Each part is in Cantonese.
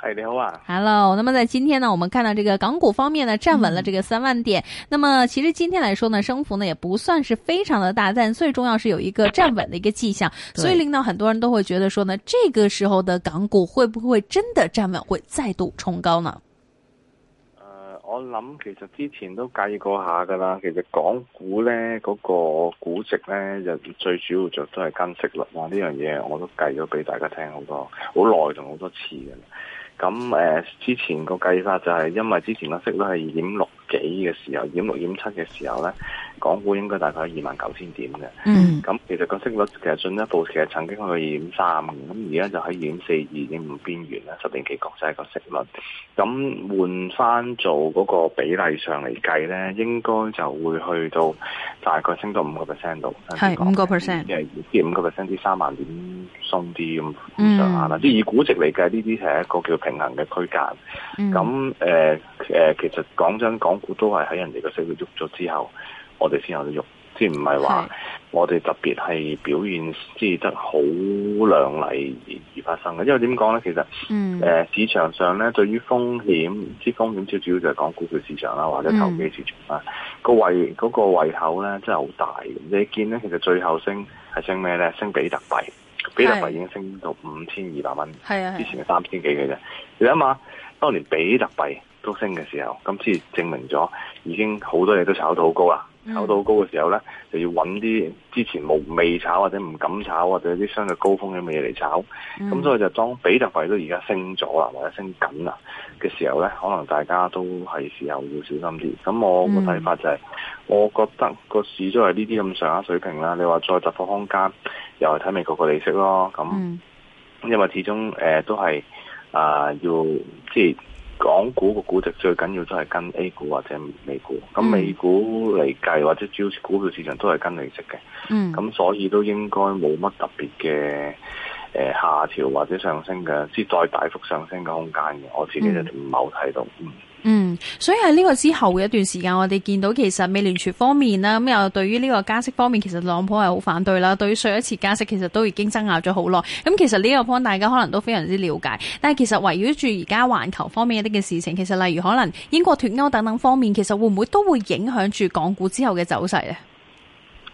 係你好啊，Hello。那麼在今天呢，我們看到這個港股方面呢，站穩了這個三萬點。嗯、那麼其實今天來說呢，升幅呢也不算是非常的大，但最重要是有一個站穩的一個跡象。對所以令到很多人都會覺得說呢，這個時候的港股會不會真的站穩，會再度衝高呢？呃、我諗其實之前都計過一下噶啦。其實港股呢，嗰、那個估值呢，就最主要就都係跟息率啦。呢樣嘢我都計咗俾大家聽好多，好耐同好多次嘅。咁誒，之前個計法就係因為之前個息率係二點六幾嘅時候，二點六點七嘅時候咧。港股應該大概二萬九千點嘅，咁、嗯、其實個息率其實進一步其實曾經去二點三嘅，咁而家就喺二點四二點五邊緣咧，十年期國債個息率，咁換翻做嗰個比例上嚟計咧，應該就會去到大概升到五個 percent 度，係五個 percent，即係跌五個 percent 至三萬點鬆啲咁上下啦，即、嗯、以，以估值嚟計，呢啲係一個叫平衡嘅區間。咁誒誒，其實講真，港股都係喺人哋個息率喐咗之後。我哋先有得郁，即係唔係話我哋特別係表現資得好亮麗而而發生嘅。因為點講咧？其實誒、嗯呃，市場上咧對於風險，唔知風險，最主要就係講股票市場啦，或者投機市場啦，嗯、個胃嗰、那個胃口咧真係好大。你見咧，其實最後升係升咩咧？升比特幣，比特幣已經升到五千二百蚊，係啊，之前係三千幾嘅啫。你諗下，當年比特幣都升嘅時候，咁先證明咗已經好多嘢都炒到好高啦。嗯、炒到好高嘅時候咧，就要揾啲之前冇未炒或者唔敢炒或者啲相對高風險嘅嘅嘢嚟炒。咁、嗯、所以就當比特幣都而家升咗啦，或者升緊啦嘅時候咧，可能大家都係時候要小心啲。咁我個睇法就係、是，嗯、我覺得個市都係呢啲咁上下水平啦。你話再突破空間，又係睇美國個利息咯。咁、嗯、因為始終、呃、都係啊、呃，要即係。港股嘅估值最緊要都係跟 A 股或者美股，咁美股嚟計或者主要股票市場都係跟利息嘅，咁、嗯、所以都應該冇乜特別嘅下調或者上升嘅，即係再大幅上升嘅空間嘅，我自己就唔係好睇到。嗯嗯，所以喺呢個之後嘅一段時間，我哋見到其實美聯儲方面啦，咁又對於呢個加息方面，其實特朗普係好反對啦。對於上一次加息，其實都已經爭拗咗好耐。咁其實呢一個方，大家可能都非常之了解。但係其實圍繞住而家環球方面一啲嘅事情，其實例如可能英國脫歐等等方面，其實會唔會都會影響住港股之後嘅走勢呢？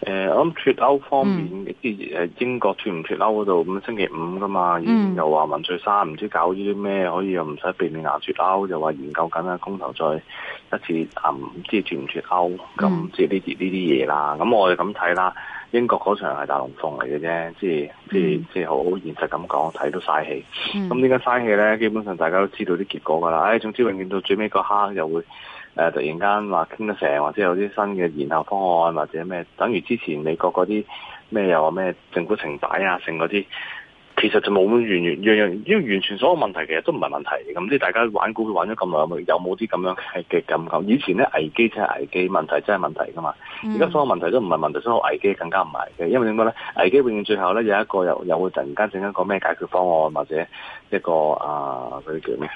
誒，嗯、我諗脱歐方面，即係誒英國脱唔脱歐嗰度，咁星期五噶嘛，以前又話文翠珊唔知搞啲咩，嗯、可以又唔使避免牙脱歐，又話研究緊啊，公投再一次唔即係脱唔脱歐，咁即係呢啲呢啲嘢啦。咁我哋咁睇啦，英國嗰場係大龍鳳嚟嘅啫，即係即係即係好現實咁講，睇到嘥氣。咁點解嘥氣咧？基本上大家都知道啲結果噶啦。總、哎、總之永遠到最尾個蝦又會。誒、呃、突然間話傾得成，或者有啲新嘅延後方案，或者咩，等於之前美國嗰啲咩又話咩政府停擺啊，剩嗰啲。其實就冇咁樣樣樣樣，因為完全所有問題其實都唔係問題嚟。咁即係大家玩股，佢玩咗咁耐，有冇啲咁樣嘅感覺？以前咧危機真係危機，問題真係問題㗎嘛。而家、嗯、所有問題都唔係問題，所有危機更加唔係嘅。因為點解咧？危機永遠最後咧有一個又又會突然間整一個咩解決方案，或者一個啊嗰啲叫咩？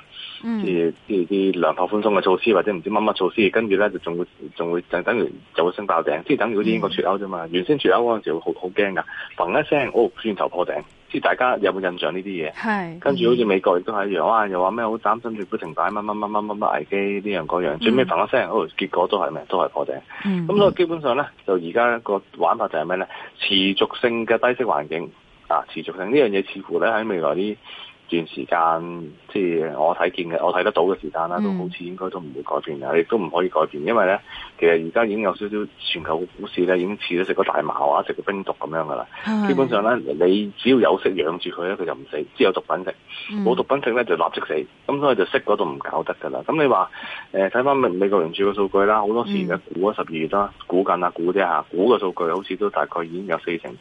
即係即係啲量化寬鬆嘅措施，或者唔知乜乜措施，跟住咧就仲會仲會等等於就會升爆頂，即係等於嗰個英國脱歐啫嘛。原先脱歐嗰陣時會好好驚㗎，嘣一聲哦，轉頭破頂。知大家有冇印象呢啲嘢？是跟住好似美國亦都係一樣啊，又話咩好擔心政府停擺，乜乜乜乜乜乜危機呢樣嗰樣，最尾嘭一聲，嗯、哦，結果都係咩？都係破頂。咁所以基本上咧，就而家個玩法就係咩咧？持續性嘅低息環境啊，持續性呢樣嘢似乎咧喺未來啲。段時間即係我睇見嘅，我睇得到嘅時間啦，都好似應該都唔會改變嘅，亦、嗯、都唔可以改變，因為咧，其實而家已經有少少全球股市咧，已經似咗食個大麻啊食個冰毒咁樣噶啦。是的 基本上咧，你只要有食養住佢咧，佢就唔死，只有毒品食，冇毒品食咧就立即死。咁、嗯嗯、所以就識嗰度唔搞得噶啦。咁你話誒睇翻美國聯儲嘅數據啦，好多時嘅估咗十二月啦、啊，估緊啊估啲啊估嘅數據，好似都大概已經有四成。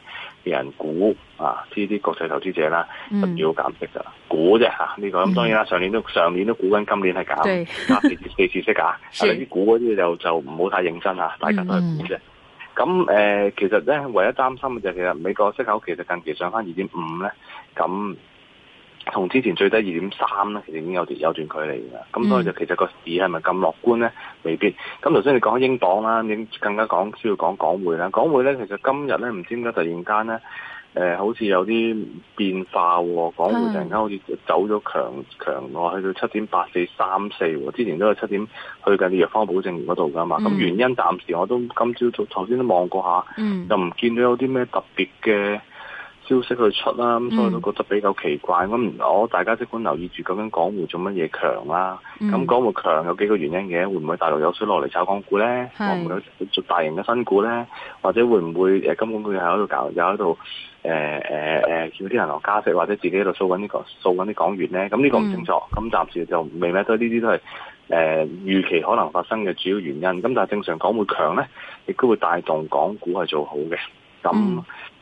人估啊，呢啲國際投資者啦，都、嗯、要減息噶，估啫嚇呢個。咁、嗯、當然啦，上年都上年都估緊，今年係減對、啊，四次四次息噶。係啦、啊，啲估嗰啲又就唔好太認真嚇，大家都係估啫。咁誒、嗯呃，其實咧，唯一擔心嘅就係其實美國息口其實近期上翻二點五咧，咁。同之前最低二點三咧，其實已經有段有段距離嘅，咁、嗯、所以就其實個市係咪咁樂觀咧？未必。咁頭先你講英鎊啦，咁更加講需要講港匯啦。港匯咧，其實今日咧，唔知點解突然間咧、呃，好似有啲變化喎。港匯突然間好似走咗強強喎，去到七點八四三四，之前都係七點去緊藥方保證嗰度噶嘛。咁、嗯、原因暫時我都今朝早頭先都望過下，嗯、就唔見到有啲咩特別嘅。消息去出啦、啊，咁所以就覺得比較奇怪。咁、嗯、我大家即管留意住究竟港匯做乜嘢強啦、啊，咁、嗯、港匯強有幾個原因嘅，會唔會大陸有水落嚟炒港股咧？會唔會做大型嘅新股咧？或者會唔會誒金管局喺度搞，有喺度誒誒叫啲銀行加息，或者自己喺度掃緊呢啲港元咧？咁呢個唔清楚。咁、嗯、暫時就未咩都，呢啲都係預期可能發生嘅主要原因。咁但係正常港匯強咧，亦都會帶動港股係做好嘅。咁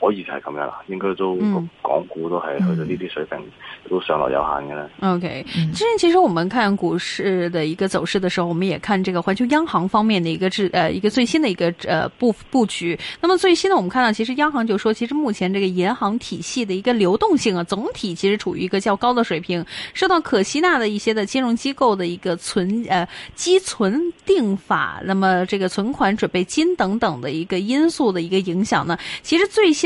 可以就係咁樣啦，應該都港股都係、嗯、去到呢啲水平，都上落有限嘅啦。O、okay, K，之前其實我們看股市的一個走勢的時候，我們也看這個環球央行方面的一個制，誒、呃、一個最新的一個，誒佈佈局。那麼最新呢，我們看到其實央行就說，其實目前這個銀行體系的一個流動性啊，總體其實處於一個較高的水平，受到可吸納的一些的金融機構的一個存，誒、呃、積存定法，那麼這個存款準備金等等的一個因素的一個影響呢，其實最新。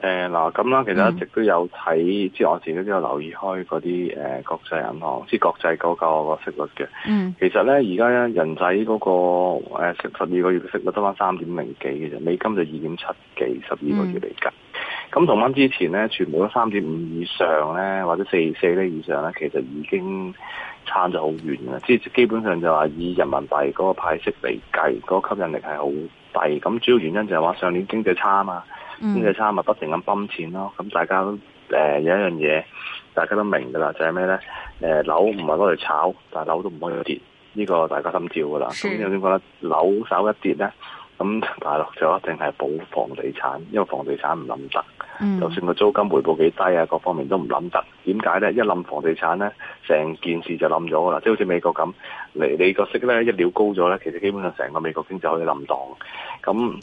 誒，嗱咁啦，其實一直都有睇，即係、嗯、我自己都有留意開嗰啲誒國際銀行，即係國際嗰個息率嘅。嗯。其實咧，而家咧人仔嗰、嗰個誒息十二個月息率得翻三點零幾嘅啫，美金就二點七幾，十二個月嚟計。咁、嗯、同翻之前咧，全部都三點五以上咧，或者四四厘以上咧，其實已經差咗好遠嘅。即係基本上就話以人民幣嗰個派息嚟計，嗰、嗰個吸引力係好低。咁主要原因就係話上年經濟差啊嘛。經濟差咪不停咁泵錢咯，咁、嗯嗯、大家都、呃、有一樣嘢，大家都明噶啦，就係咩咧？誒、呃、樓唔係攞嚟炒，但係樓都唔可以跌，呢、這個大家心照噶啦。咁有啲人覺得樓稍一跌咧，咁大陸就一定係保房地產，因為房地產唔冧得，嗯、就算個租金回報幾低啊，各方面都唔冧得。點解咧？一冧房地產咧，成件事就冧咗噶啦。即係好似美國咁，你你個息咧一料高咗咧，其實基本上成個美國經濟可以冧檔。咁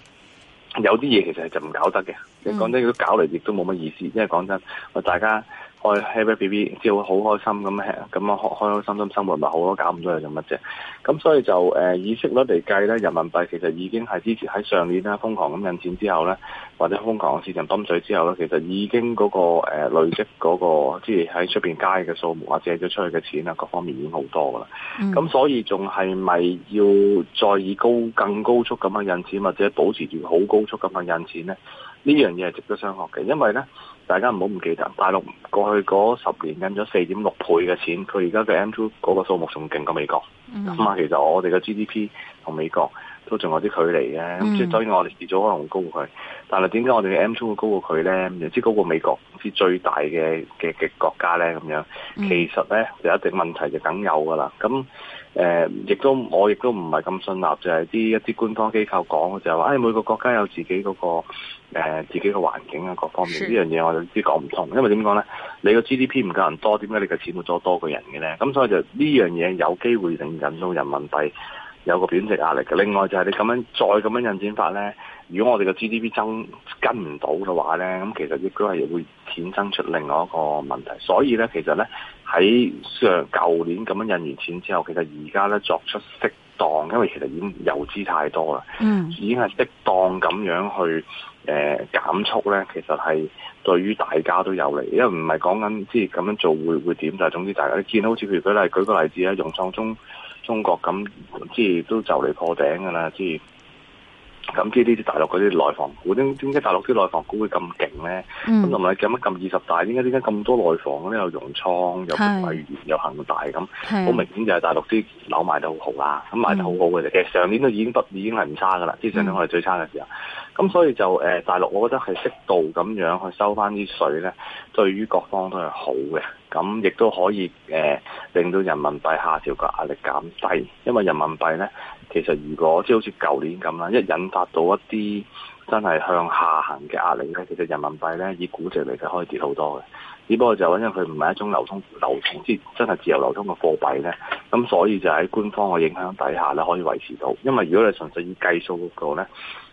有啲嘢其實就唔搞得嘅，你講、嗯、真，如果搞嚟亦都冇乜意思，因為講真，我大家。我 h a b B，即係好開心咁咁我開開心心生活咪好咯，搞唔到你做乜啫。咁所以就誒、呃，以息率嚟計咧，人民幣其實已經係之前喺上年咧瘋狂咁印錢之後咧，或者瘋狂嘅市場泵水之後咧，其實已經嗰、那個誒、呃、累積嗰、那個，即係喺出邊街嘅數目或者借咗出去嘅錢啊，各方面已經好多噶啦。咁、嗯、所以仲係咪要再以高更高速咁樣印錢，或者保持住好高速咁樣印錢咧？呢、嗯、樣嘢係值得商榷嘅，因為咧。大家唔好唔記得，大陸過去嗰十年印咗四點六倍嘅錢，佢而家嘅 M two 嗰個數目仲勁過美國。咁啊、mm，hmm. 其實我哋嘅 G D P 同美國都仲有啲距離嘅。咁即係我哋遲早可能會高過佢，但係點解我哋嘅 M two 會高過佢咧？明知高過美國之最大嘅嘅嘅國家咧，咁樣、mm hmm. 其實咧就一定問題就梗有噶啦。咁誒，亦、呃、都我亦都唔係咁信納，就係、是、啲一啲官方機構講嘅就係話、哎，每個國家有自己嗰、那個、呃、自己嘅環境啊，各方面呢是樣嘢我就知講唔通，因為點講咧？你個 GDP 唔夠人多，點解你嘅錢會再多個人嘅咧？咁所以就呢樣嘢有機會令引到人民幣有個貶值壓力嘅。另外就係你咁樣再咁樣印錢法咧。如果我哋嘅 GDP 增跟唔到嘅話咧，咁其實亦都係會衍生出另外一個問題。所以咧，其實咧喺上舊年咁樣印完錢之後，其實而家咧作出適當，因為其實已經遊資太多啦，嗯，已經係適當咁樣去誒、呃、減速咧。其實係對於大家都有利，因為唔係講緊即係咁樣做會會點，但係總之大家都見到好似譬如舉例舉個例子啊，融創中中國咁，即係都就嚟破頂噶啦，即咁知呢啲大陸嗰啲內房股，點點解大陸啲內房股會咁勁咧？咁同埋咁樣咁二十大？點解點解咁多內房咧？有融創是有賣完有恒大咁，好明顯就係大陸啲樓賣得好好啦，咁賣得好好嘅其實上年都已經已經係唔差噶啦，即上年我哋最差嘅時候。咁所以就誒、呃、大陸，我覺得係適度咁樣去收翻啲水呢，對於各方都係好嘅。咁亦都可以誒、呃、令到人民幣下調嘅壓力減低，因為人民幣呢，其實如果即係好似舊年咁啦，一引發到一啲真係向下行嘅壓力呢，其實人民幣呢以估值嚟就可以跌好多嘅。只不過就因為佢唔係一種流通流通，即係真係自由流通嘅貨幣呢，咁所以就喺官方嘅影響底下呢，可以維持到。因為如果你純粹以計數嗰個呢。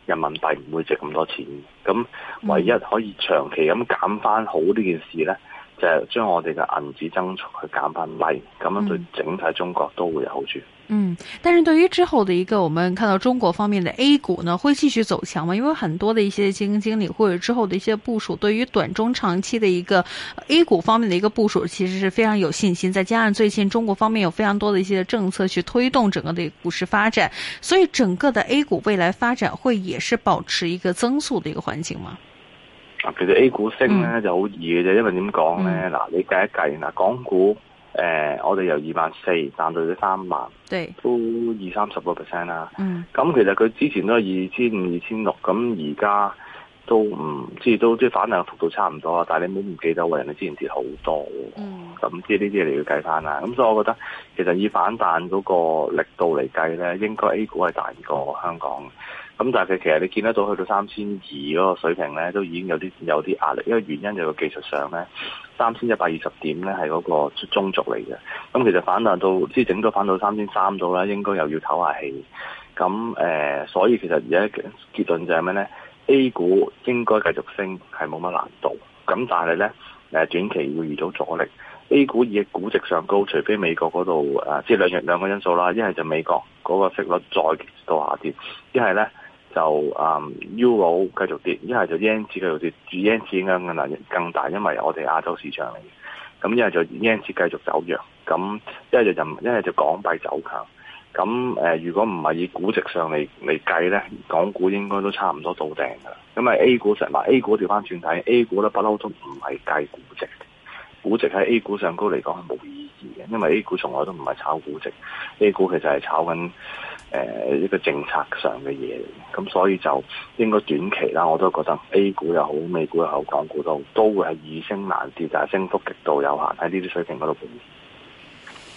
人民幣唔會值咁多錢，咁唯一可以長期咁減翻好呢件事咧。就係將我哋嘅銀紙增速去減翻低，咁樣對整體中國都會有好處。嗯，但是對於之後的一個，我們看到中國方面的 A 股呢，會繼續走強嗎？因為很多的一些基金經理或者之後的一些部署，對於短中長期的一個 A 股方面的一個部署，其實是非常有信心。再加上最近中國方面有非常多的一些政策去推動整個的股市發展，所以整個的 A 股未來發展會也是保持一個增速的一個環境嗎？其實 A 股升咧就好易嘅啫，嗯、因為點講咧？嗱、嗯，你計一計，嗱，港股誒、呃，我哋由二萬四賺到咗三萬，都二三十個 percent 啦。咁、嗯、其實佢之前都係二千五、二千六，咁而家都唔，即係都即係反彈幅度差唔多。但係你唔好唔記得喎，人哋之前跌好多，咁即係呢啲嘢你要計翻啦。咁所以我覺得，其實以反彈嗰個力度嚟計咧，應該 A 股係大過香港。咁但係其實你見得到去到三千二嗰個水平咧，都已經有啲有啲壓力，因為原因就係個技術上咧，三千一百二十點咧係嗰個中軸嚟嘅。咁其實反彈到即係整多反到三千三咗啦，應該又要唞下氣。咁誒、呃，所以其實而家結論就係咩咧？A 股應該繼續升係冇乜難度。咁但係咧誒，短期會遇到阻力。A 股嘅估值上高，除非美國嗰度誒，即係兩樣兩個因素啦。一係就美國嗰個息率再跌到下跌，一係咧。就啊，歐、嗯、元繼續跌，一係就英鎊繼續跌，住英鎊嘅壓力更大，因為我哋亞洲市場嚟嘅。咁一係就英鎊繼續走弱，咁一係就人，一係就港幣走強。咁誒、呃，如果唔係以估值上嚟嚟計咧，港股應該都差唔多到頂㗎啦。咁啊，A 股成埋、啊、A 股調翻轉睇，A 股咧不嬲都唔係計估值，估值喺 A 股上高嚟講係冇意義嘅，因為 A 股從來都唔係炒估值，A 股其實係炒緊。誒呢個政策上嘅嘢，咁所以就應該短期啦，我都覺得 A 股又好，美股又好，港股都都會係易升難跌，但係升幅極度有限喺呢啲水平嗰度。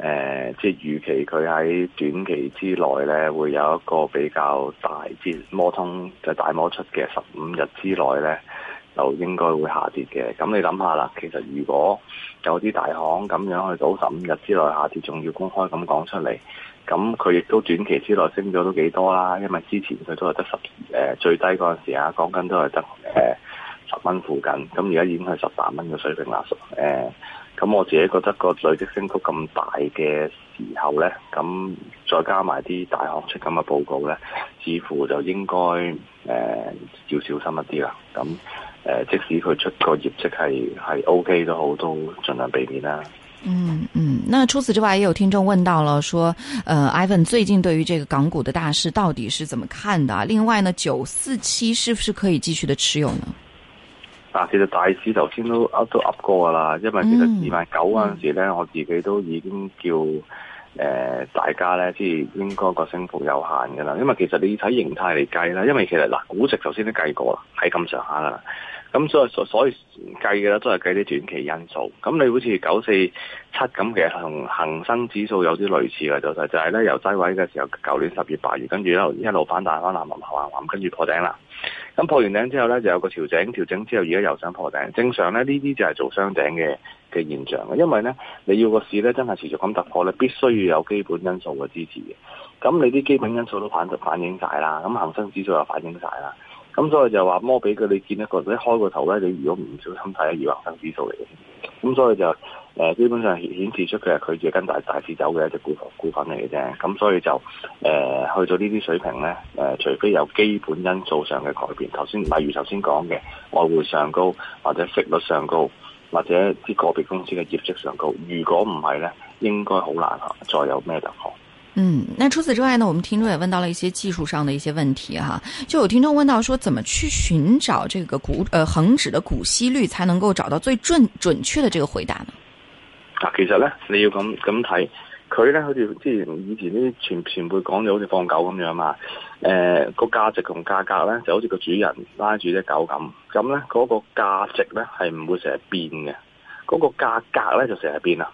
誒、呃，即係預期佢喺短期之內咧，會有一個比較大跌，摩通就是、大摩出嘅十五日之內咧，就應該會下跌嘅。咁、嗯、你諗下啦，其實如果有啲大行咁樣去到十五日之內下跌，仲要公開咁講出嚟，咁佢亦都短期之內升咗都幾多啦。因為之前佢都係得十誒、呃、最低嗰陣時啊，講緊都係得誒十蚊附近，咁而家已經係十八蚊嘅水平啦，呃咁我自己覺得個累積升幅咁大嘅時候咧，咁再加埋啲大學出咁嘅報告咧，似乎就應該誒要小心一啲啦。咁誒，即使佢出個業績係係 OK 都好，都盡量避免啦。嗯嗯，那除此之外，也有聽眾問到了，說，呃，Ivan 最近對於這個港股的大勢到底是怎麼看的？另外呢，九四七是不是可以繼續的持有呢？嗱、啊，其實大市頭先都 u 都 up 過噶啦，因為其實二萬九嗰陣時咧，嗯嗯、我自己都已經叫誒大家咧，即係應該個升幅有限噶啦。因為其實你睇形態嚟計咧，因為其實嗱，估值頭先都計過啦，係咁上下啦。咁所以所以計嘅咧，都係計啲短期因素。咁你好似九四七咁，其實同恒生指數有啲類似嘅，就係就係咧由低位嘅時候，舊年十月八月，跟住一路一路反彈翻藍環環環，跟住破頂啦。咁破完頂之後咧，就有個調整，調整之後而家又想破頂。正常咧，呢啲就係做雙頂嘅嘅現象嘅，因為咧你要個市咧真係持續咁突破咧，必須要有基本因素嘅支持嘅。咁你啲基本因素都反反映晒啦，咁恒生指數又反映晒啦。咁所以就話摩比佢你見一個，你開個頭咧，你如果唔小心睇下，恒生指數嚟嘅。咁所以就、呃、基本上顯示出佢係佢住跟大大市走嘅一隻股股份嚟嘅啫。咁所以就、呃、去到呢啲水平咧、呃，除非有基本因素上嘅改變，頭先例如頭先講嘅外匯上高，或者息率上高，或者啲個別公司嘅業績上高。如果唔係咧，應該好難學再有咩突破。嗯，那除此之外呢？我們聽眾也問到了一些技術上的一些問題哈，就有聽眾問到說，怎麼去尋找這個股，呃，恒指的股息率才能夠找到最準準確的這個回答呢？嗱，其實呢，你要咁咁睇，佢呢，好似之前以前啲前前輩講嘅，好似放狗咁樣嘛。誒、呃，個價值同價格呢，就好似個主人拉住隻狗咁，咁呢嗰個價值呢，係唔會成日變嘅，嗰、嗰個價格呢，就成日變啊。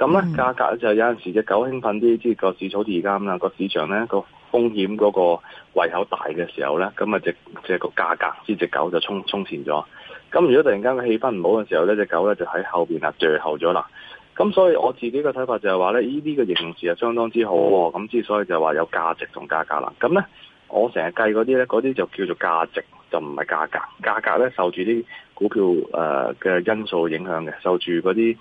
咁咧，價格呢，就有陣時隻狗興奮啲，即、就、係、是、個市好似而家咁啦。個市場咧、個風險嗰個胃口大嘅時候咧，咁啊只只個價格，即隻狗就衝，衝前咗。咁如果突然間個氣氛唔好嘅時候咧，隻狗咧就喺後面啊，最後咗啦。咁所以我自己嘅睇法就係話咧，呢啲嘅形勢啊相當之好喎、哦。咁之所以就話有價值同價格啦。咁咧，我成日計嗰啲咧，嗰啲就叫做價值，就唔係價格。價格咧，受住啲股票誒嘅、呃、因素影響嘅，受住嗰啲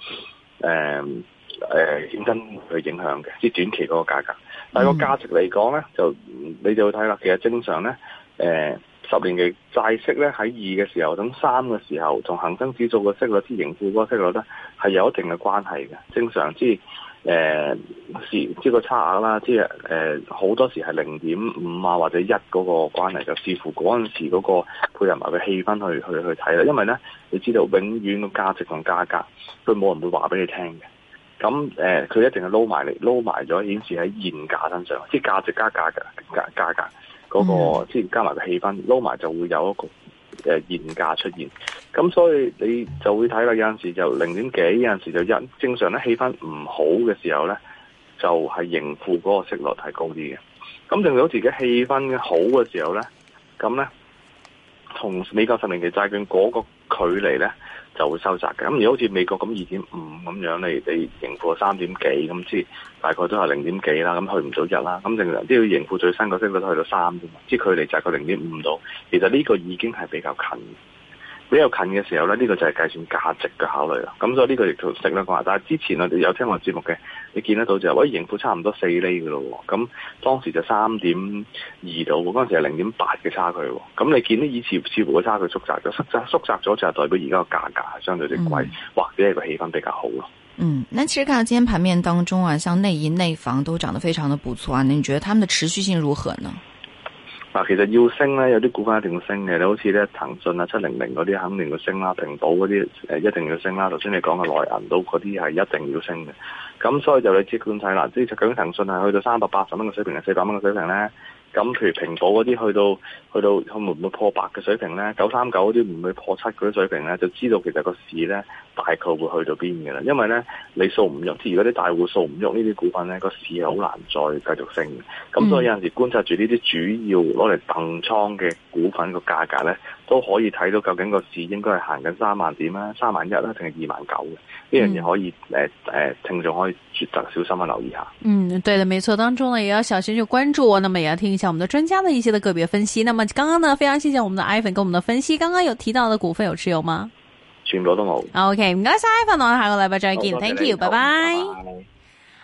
誒，衍生去影響嘅，即短期嗰個價格。但係個價值嚟講咧，就你就去睇啦。其實正常咧，誒、呃、十年嘅債息咧喺二嘅時候，等三嘅時候，同恒生指數個息率之盈富嗰個息率咧，係有一定嘅關係嘅。正常之誒是、呃、即個差額啦，即係誒好多時係零點五啊或者一嗰個關係，就視乎嗰陣時嗰個配合埋嘅氣氛去去去睇啦。因為咧，你知道永遠個價值同價格，佢冇人會話俾你聽嘅。咁誒，佢一定係撈埋嚟，撈埋咗顯示喺現價身上，即係價值加價格，加價格嗰個，之前加埋嘅氣氛，撈埋就會有一個誒現價出現。咁所以你就會睇啦，有陣時就零點幾，有陣時就一。正常咧氣氛唔好嘅時候咧，就係盈富嗰個息率係高啲嘅。咁令到自己氣氛好嘅時候咧，咁咧，同美國十年期債券嗰個距離咧，就會收窄嘅。咁如果好似美國咁二點五咁樣，你你盈富三點幾咁，即大概都係零點幾啦，咁去唔到一啦，咁正常都要盈富最新個升幅都去到三啫嘛，即係距離就係個零點五度，其實呢個已經係比較近。比較近嘅時候咧，呢、這個就係計算價值嘅考慮啦。咁所以呢個亦都識啦講。但係之前我哋有聽過節目嘅，你見得到就係，喂、哎、盈富差唔多四厘嘅咯。咁當時就三點二度，嗰陣時係零點八嘅差距。咁你見到以前似乎個差距縮窄咗，縮窄縮窄咗就係代表而家個價格係相對啲貴，或者係個氣氛比較好咯。嗯，那其實看到今天盤面當中啊，像內銀內房都漲得非常的不錯啊。你覺得他們的持續性如何呢？嗱，其實要升咧，有啲股份一,一定要升嘅。你好似咧騰訊啊、七零零嗰啲，肯定要升啦。平保嗰啲一定要升啦。頭先你講嘅內銀都嗰啲係一定要升嘅。咁所以就你即管睇啦，即係究竟騰訊係去到三百八十蚊嘅水平定四百蚊嘅水平咧？咁譬如蘋果嗰啲去到去到，佢會唔會破百嘅水平咧？九三九嗰啲唔會破七嗰啲水平咧？就知道其實個市咧大概會去到邊嘅啦。因為咧你掃唔喐，即係如果啲大戶掃唔喐呢啲股份咧，個市係好難再繼續升嘅。咁所以有陣時觀察住呢啲主要攞嚟鄧倉嘅股份個價格咧。都可以睇到究竟個市應該係行緊三萬點啦、三萬一啦，定係二萬九嘅，呢樣嘢可以誒誒、嗯呃，聽眾可以抉擇，小心啊，留意一下。嗯，對嘅，沒錯，當中呢也要小心去關注我那麼也要聽一下我們的專家的一些的個別分析。那麼剛剛呢，非常謝謝我們的 iPhone 跟我們的分析。剛剛有提到的股份有持有嗎？全部都冇。OK，唔該晒，iPhone，我哋下個禮拜再見多多，Thank you，bye bye 拜拜。